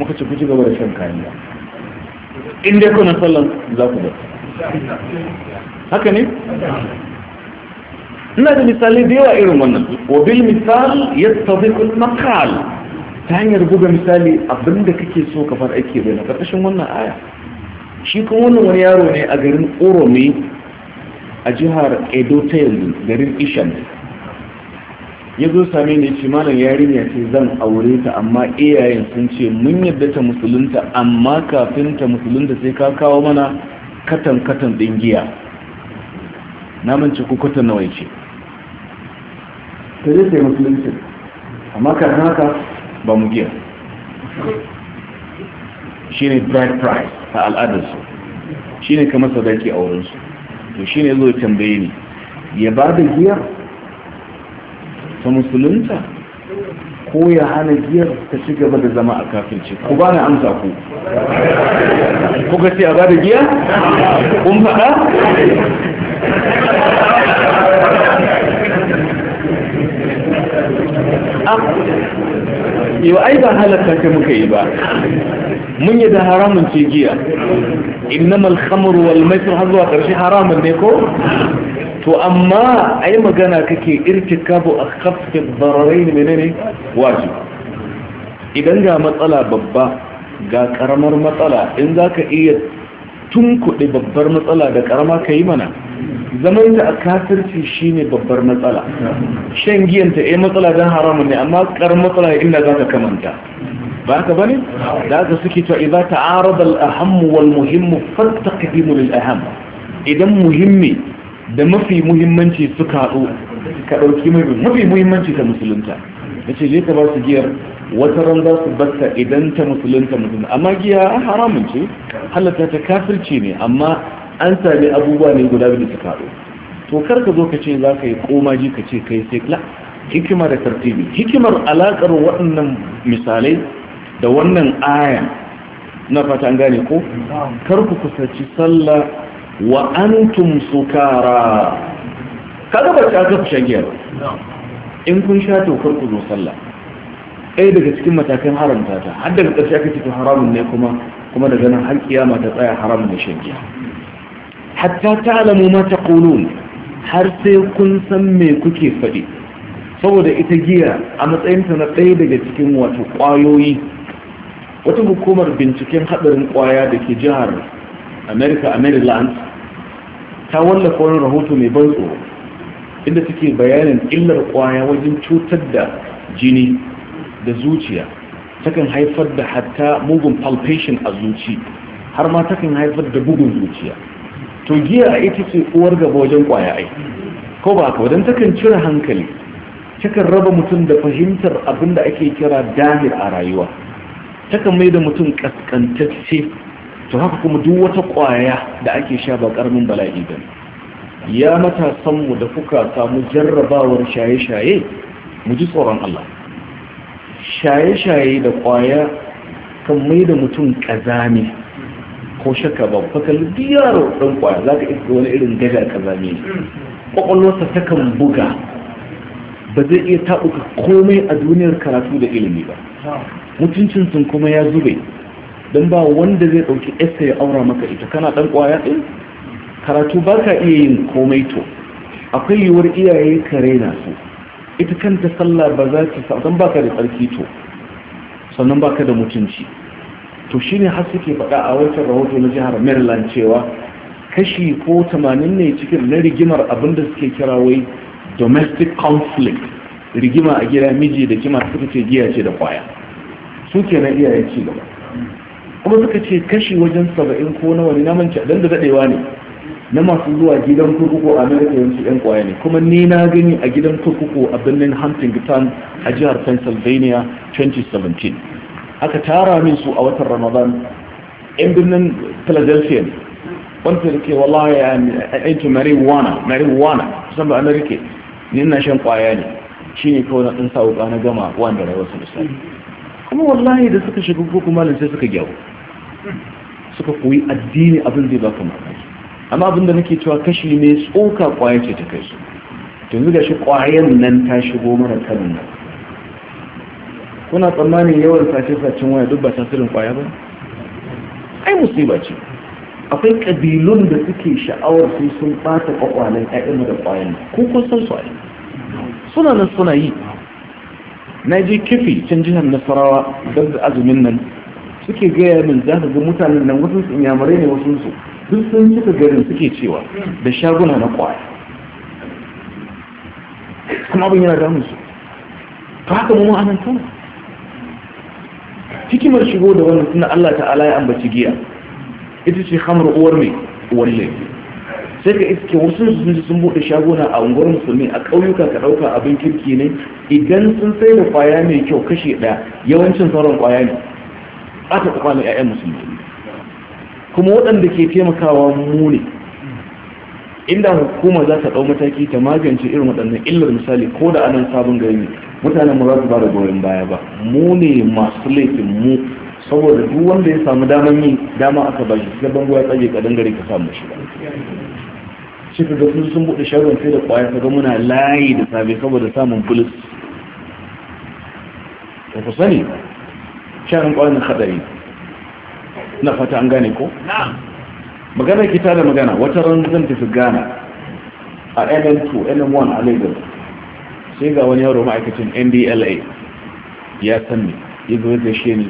muka ce kuci gaba da shan kayan da in dai kuna sallan za ku bar haka ne ina da misali da yawa irin wannan wabil misal ya tafiƙul makal ta hanyar buga misali abinda kake so ka fara aiki bai na ƙarƙashin wannan aya shi kuma wannan wani yaro ne a garin oromi a jihar edo ta garin ishan ya zo same ne ce malam yarinya ce zan aure ta amma iyayen sun ce mun yadda ta musulunta amma kafin ta musulunta sai ka kawo mana katan katan dingiya giya na mance ko nawa ce ta zai sai musulunci amma kan haka ba mu giya shi ne bright price a al'adarsu shi ne kamar sadaki a wurinsu to shi ne zo tambaye ni ya ba da giya ta musulunta ko ya hana giyar ta ci gaba da zama a kafirci ku ba na amsa ku Ku ce a ba da giya kun faɗa yau ai ba halatta ka muka yi ba mun yi da haramun ce giya innamal khamr wal maisir har zuwa karshe haramun ne ko to amma ai magana kake irtikabu akhaffi dararain menene wajibi idan ga matsala babba ga karamar matsala in zaka iya tun kuɗi babbar matsala da karama ka yi mana zaman ta a kafirci ne babbar matsala shan giyanta eh matsala don haramun ne amma karar matsala inda za ka kamanta ba ka bane da aka suke to idza ta'arada al-aham wal muhim kadimu lil aham idan muhimmi da mafi muhimmanci suka haɗu ka ɗauki mafi muhimmanci ta musulunta ya ce je ka ba su giyar wata ran za su batta idan ta musulunta musulunta amma giya haramun ce halatta ta kafirci ne amma an sami abubuwa ne guda biyu suka haɗu to kar ka zo ka ce za ka yi komaji ka ce kai sai la hikima da tartibi hikimar alaƙar waɗannan misalai da wannan aya na fata an gane ko kar ku kusaci sallah wa antum sukara kaga ba ta kafa shagiyar in kun sha to kar ku zo sallah ɗaya daga cikin matakan haramta ta har daga ƙarshe aka ce haramun ne kuma kuma daga nan har kiyama ta tsaya haramun ne shan giya hatta ta alamu ma taqulun har sai kun san me kuke faɗi saboda ita giya a matsayinta na ɗaya daga cikin wato ƙwayoyi wata hukumar binciken haɗarin ƙwaya da ke jihar america a maryland ta wallafa wani rahoto mai ban tsoro inda take bayanin illar ƙwaya wajen cutar da jini da zuciya takan haifar da hatta mugun palpation a zuci har ma takan haifar da bugun zuciya to giya ita ce uwar gaba wajen kwaya ai ko ba ka wajen takan cire hankali takan raba mutum da fahimtar abin da ake kira damir a rayuwa takan mai da mutum kaskantacce to haka kuma duk wata kwaya da ake sha ba karamin bala'i ba ya mu da kuka samu jarrabawar shaye-shaye mu ji tsoron Allah shaye-shaye da kwaya kan mai da mutum ƙazami ko shakka ba fa kalli biyaro dan kwaya za ka iska wani irin gaga kaza ne kwakwalwarsa takan buga ba zai iya taɓuka komai a duniyar karatu da ilimi ba mutuncin sun kuma ya zube don ba wanda zai ɗauki essay ya aura maka ita kana ɗan ƙwaya ɗin karatu ba ka iya yin komai to akwai yiwuwar iyaye ka raina su ita kanta sallah ba za ta sa don ba ka da tsarki to sannan ba ka da mutunci to shi ne har suke faɗa a wancan rahoto na jihar maryland cewa kashi ko 80 ne cikin na rigimar abinda suke kira wai domestic conflict rigima a gida miji da kima suka ce giya ce da kwaya su ke na iyayen ci gaba kuma suka ce kashi wajen saba'in ko na wani namanci dan da daɗewa ne na masu zuwa gidan kurkuku a amerika yanzu yan kwaya ne kuma ni na gani a gidan kurkuku a birnin huntington a jihar pennsylvania 2017 aka tara min su a watan ramadan in birnin philadelphia wanda ta rike wallahi ya aiki marijuana marijuana kusan ba na rike ni na shan kwaya ne shi ne kawai na ɗin sa wuka na gama wanda rayuwar wasu misali kuma wallahi da suka shiga ko kuma sai suka gyaru suka koyi addini abin zai baka mamaki amma abin da nake cewa kashi ne tsoka kwaya ce ta kai su yanzu ga shi kwayan nan ta shigo mana kanin nan kuna tsammanin yawan sace-sacen waya duk ba tasirin kwaya ba ai musiba ce akwai ƙabilun da suke sha'awar su sun bata ƙwaƙwalen ƴaƴanmu da kwayan ko kun san su ai suna nan suna yi na je kifi can jihar nasarawa don da azumin nan suke gaya min za ka ga mutanen nan wasu su inyamurai ne wasu su duk sun cika garin suke cewa da shaguna na ƙwaya kuma abin yana damun su Ka haka mu anan tana hikimar shigo da wannan suna Allah ta'ala ya ambaci giya ita ce hamar uwar ne sai ka iske wasu sun sun buɗe shaguna a unguwar musulmi a ƙauyuka ka ɗauka abin kirki ne idan sun sai da kwaya mai kyau kashe ɗaya yawancin sauran kwaya ne ta kwa na 'ya'yan musulmi kuma waɗanda ke taimakawa mu ne inda hukuma za ta ɗau mataki ta magance irin waɗannan illar misali ko da anan sabon gari mutanen mu za su ba goyon baya ba mu ne masu laifin mu saboda duk wanda ya samu daman yi dama aka ba shi sai bango ya tsage kadan gari ka samu shi shi ka gasu sun buɗe shagon sai da kwaya kaga muna layi da safe saboda samun bulis ba ku sani shagon kwayan hadari na fata an gane ko magana ki da magana wata ran zan tafi gana a nm2 nm1 a lagos sai ga wani yaro ma'aikacin ndla ya san ne ya zo da shi ne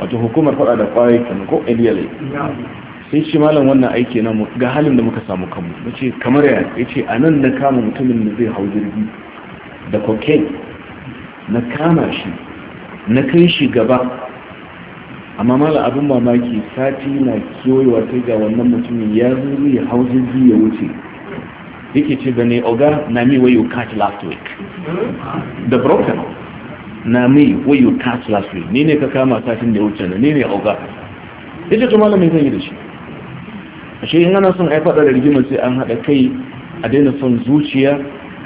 wato hukumar fada da kwayoyi kan ko ndla sai shi malam wannan aiki na ga halin da muka samu kanmu na ce kamar ya ya ce a nan na kama mutumin da zai hau jirgi da cocaine na kama shi na kai shi gaba amma malam abin mamaki sati na kiyoyi sai ga wannan mutumin ya zo ya hau jirgi ya wuce yake ce da ne oga na me where you catch last week the broker na me where you catch last week ni ne ka kama satin da wuce ne ne oga yace to malamin zan yi da shi shi in ana son ai fada da rigimar sai an hada kai a daina son zuciya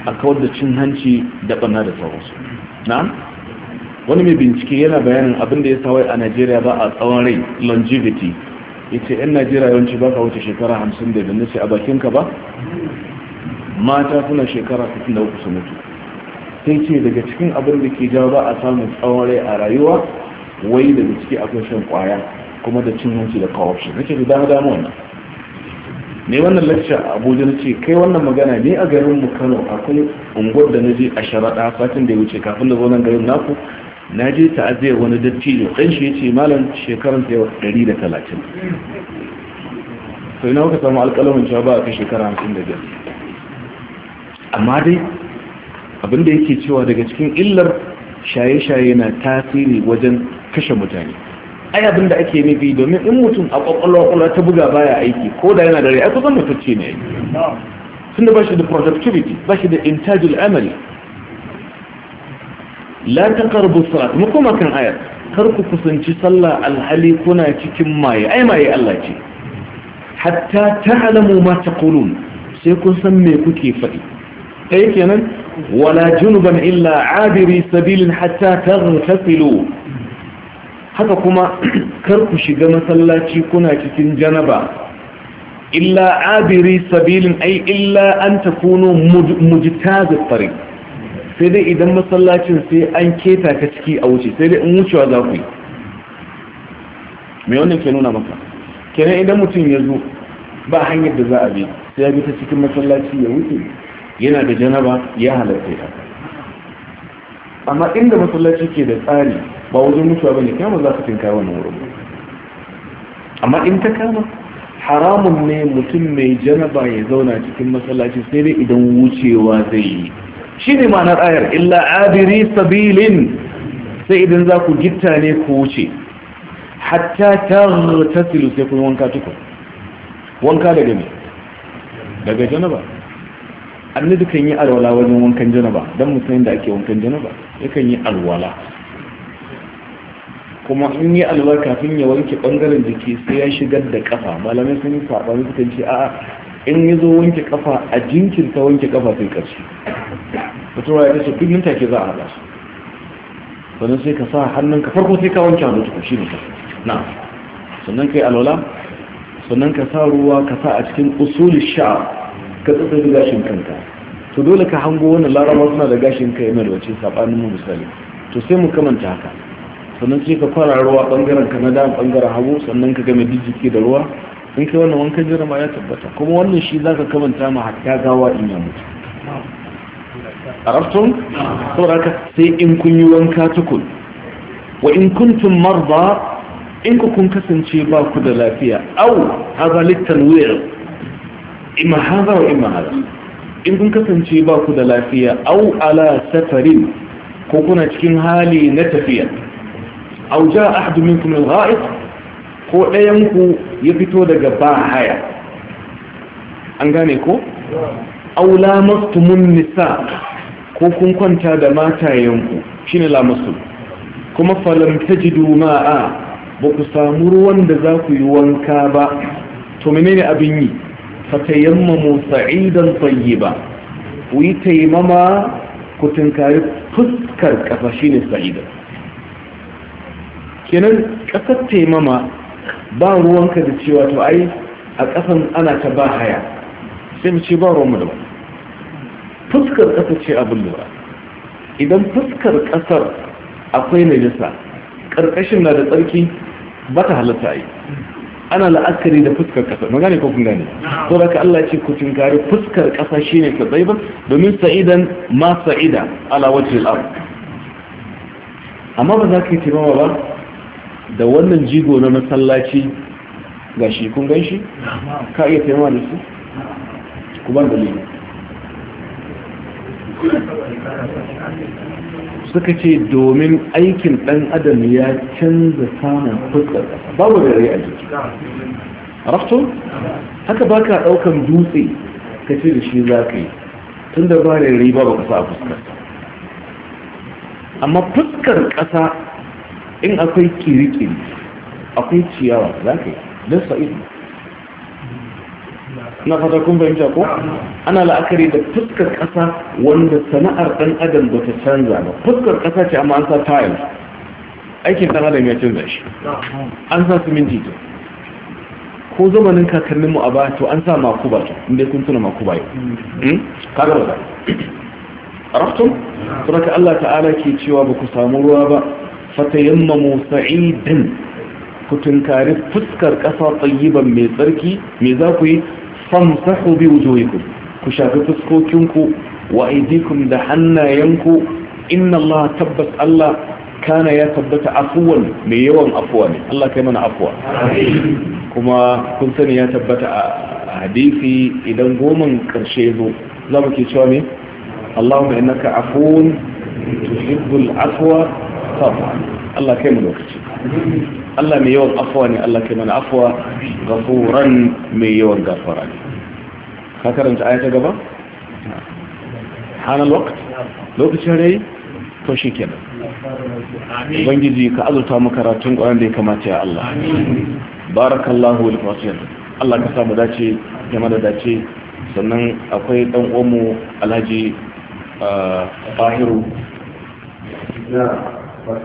a kawar da cin hanci da banna da sauransu Na wani mai bincike yana bayanin abin da ya sa wai a Najeriya ba a tsawon rai longevity yace yan Najeriya yawanci ba ka wuce shekara 50 da nace a bakin ka ba mata suna shekara 63 su mutu sai ce daga cikin abin da ke jawo ba a samun tsawon rai a rayuwa wai daga ciki akwai shan kwaya kuma da cin hanci da corruption nake da dama dama wannan ne wannan lacca a abuja na ce kai wannan magana ne a garin mu kano akwai unguwar da na je a sharaɗa fatin da ya wuce kafin da zonan garin naku na je ta'aziyar wani dattijo ɗan shi ya ce malam shekaran sa yau ɗari da talatin sai na kuka samu alƙalamin cewa ba a kai shekara hamsin da biyar amma dai abinda yake cewa daga cikin illar shaye-shaye na tasiri wajen kashe mutane ai abinda ake nufi domin in mutum a kwakwalwa ta buga baya aiki ko da yana da rai mutu mutacce ne sun da ba shi da productivity ba shi da intajil amali la ta karbu salat mu kuma kan ayar kar ku kusanci sallah alhali kuna cikin maye ai maye Allah ce hatta ta'lamu ma taqulun sai kun san me kuke faɗi ɗaya kenan wala junuban illa abiri sabilin hatta tartasilu haka kuma kar ku shiga masallaci kuna cikin janaba illa abiri sabilin ai illa an takunu mujtazi tariq sai dai idan masallacin sai an keta ciki a wuce sai dai in wucewa za ku yi me wannan ke nuna maka kenan idan mutum ya zo ba hanyar da za a bi sai ya bi ta cikin masallaci ya wuce yana da janaba ya halatta ya amma inda masallaci ke da tsari ba wajen mutuwa ba ne kama za ka tinka wannan wurin amma in ta kama haramun ne mutum mai janaba ya zauna cikin masallaci sai dai idan wucewa zai yi shi ne ma'anar ayar illa adiri sabilin sai idan za ku gitta ne ku wuce hatta ta silu sai kun wanka tukun wanka daga ne daga janaba annu kan yi alwala wajen wankan janaba don musulmin da ake wankan janaba ya kan yi alwala kuma in yi alwala kafin ya wanke bangaren jiki sai ya shigar da kafa malamai sun yi sabani suka ce a'a in ya zo wanke kafa a jinkirta wanke kafa sai karshe mutum ya ce yin take za a haɗa su sannan sai ka sa hannun ka, farko sai ka wanke hannu tukushi ne na sannan ka yi alwala sannan ka sa ruwa ka sa a cikin usul sha'a ka tsatsa da gashin kanka to dole ka hango wannan larabawa suna da gashin kai mai wace sabanin mu misali to sai mu kamanta haka sannan sai ka fara ruwa bangaren ka na da bangaren hagu sannan ka game dijiki da ruwa in kai wannan wankan ma ya tabbata kuma wannan shi zaka kamanta ma ya gawa in ya mutu arabtum saboda haka sai in kun yi wanka tukun wa in kuntum marda in ku kun kasance ba ku da lafiya au hadha wuyar. imma haza wa imma haza in kun kasance ba ku da lafiya au ala safarin ko kuna cikin hali na tafiya au ja ahadu minkum al-ghaib ko ɗayan ku ya fito daga ba haya an gane ko au lamastumun nisa ko kun kwanta da ku shine mastum kuma falam tajidu ma'a ba ku samu ruwan da za ku yi wanka ba to menene abin yi fatayammamu sa'idan tayyiba ku yi taimama ku tunkari fuskar kafa shine sa'idan kenan ƙasar taimama ba ruwanka da cewa to ai a ƙasan ana ta ba haya sai mu ce ba ruwanmu da ba fuskar ƙasa ce abin lura idan fuskar kasar akwai najasa ƙarƙashin na da tsarki ba ta halatta yi ana la'akari da fuskar kasa magana ko kun gane so da ka Allah ce ku tinkari fuskar kasa shine ka ba? domin sa'idan ma sa'ida ala wajhi al amma ba za ka yi taimama ba da wannan jigo na masallaci gashi kun gan shi? ka iya taimama da su ku ban dalili suka ce domin aikin ɗan adam ya canza samun fuskar babu da rai a jiki rafto haka ba ka ɗaukan dutse ka ce da shi za ka yi tun da ba rai ba ba kasa a fuskar amma fuskar ƙasa in akwai kirikiri akwai ciyawa za ka yi don sa'idu na fata kun fahimta ko ana la'akari da fuskar ƙasa wanda sana'ar ɗan adam ba ta canza ba fuskar ƙasa ce amma an sa tiles aikin ɗan adam ya canza shi an sa siminti to ko zamanin kakanninmu a ba to an sa makuba to inda kun tuna makuba yau hmm? kaga ba araftum saboda Allah ta'ala ke cewa ba ku samu ruwa ba fatayammamu sa'idan ku tunkari fuskar ƙasa tsayiban mai tsarki me za ku yi famsahu bi wujuhikum ku shafi fuskokinku wa aydikum da hannayenku inna Allah tabbas Allah kana ya tabbata afuwan mai yawan afuwa ne Allah kai mana afuwa kuma kun sani ya tabbata a hadisi idan goman karshe zo za mu ke cewa me Allahumma innaka afuwun tuhibbul afwa tabu Allah kai mu lokaci Allah mai yawan afuwa ne Allah kai mana afuwa gafuran mai yawan gafara ne ka karanta aya ta gaba hana lokacin rai to shi kenan ubangiji ka azurta mu karatun ƙwarar da ya kamata ya Allah barakallahu wa lafiyar Allah ka samu dace game da dace sannan akwai ɗan uwanmu alhaji fahiru ah,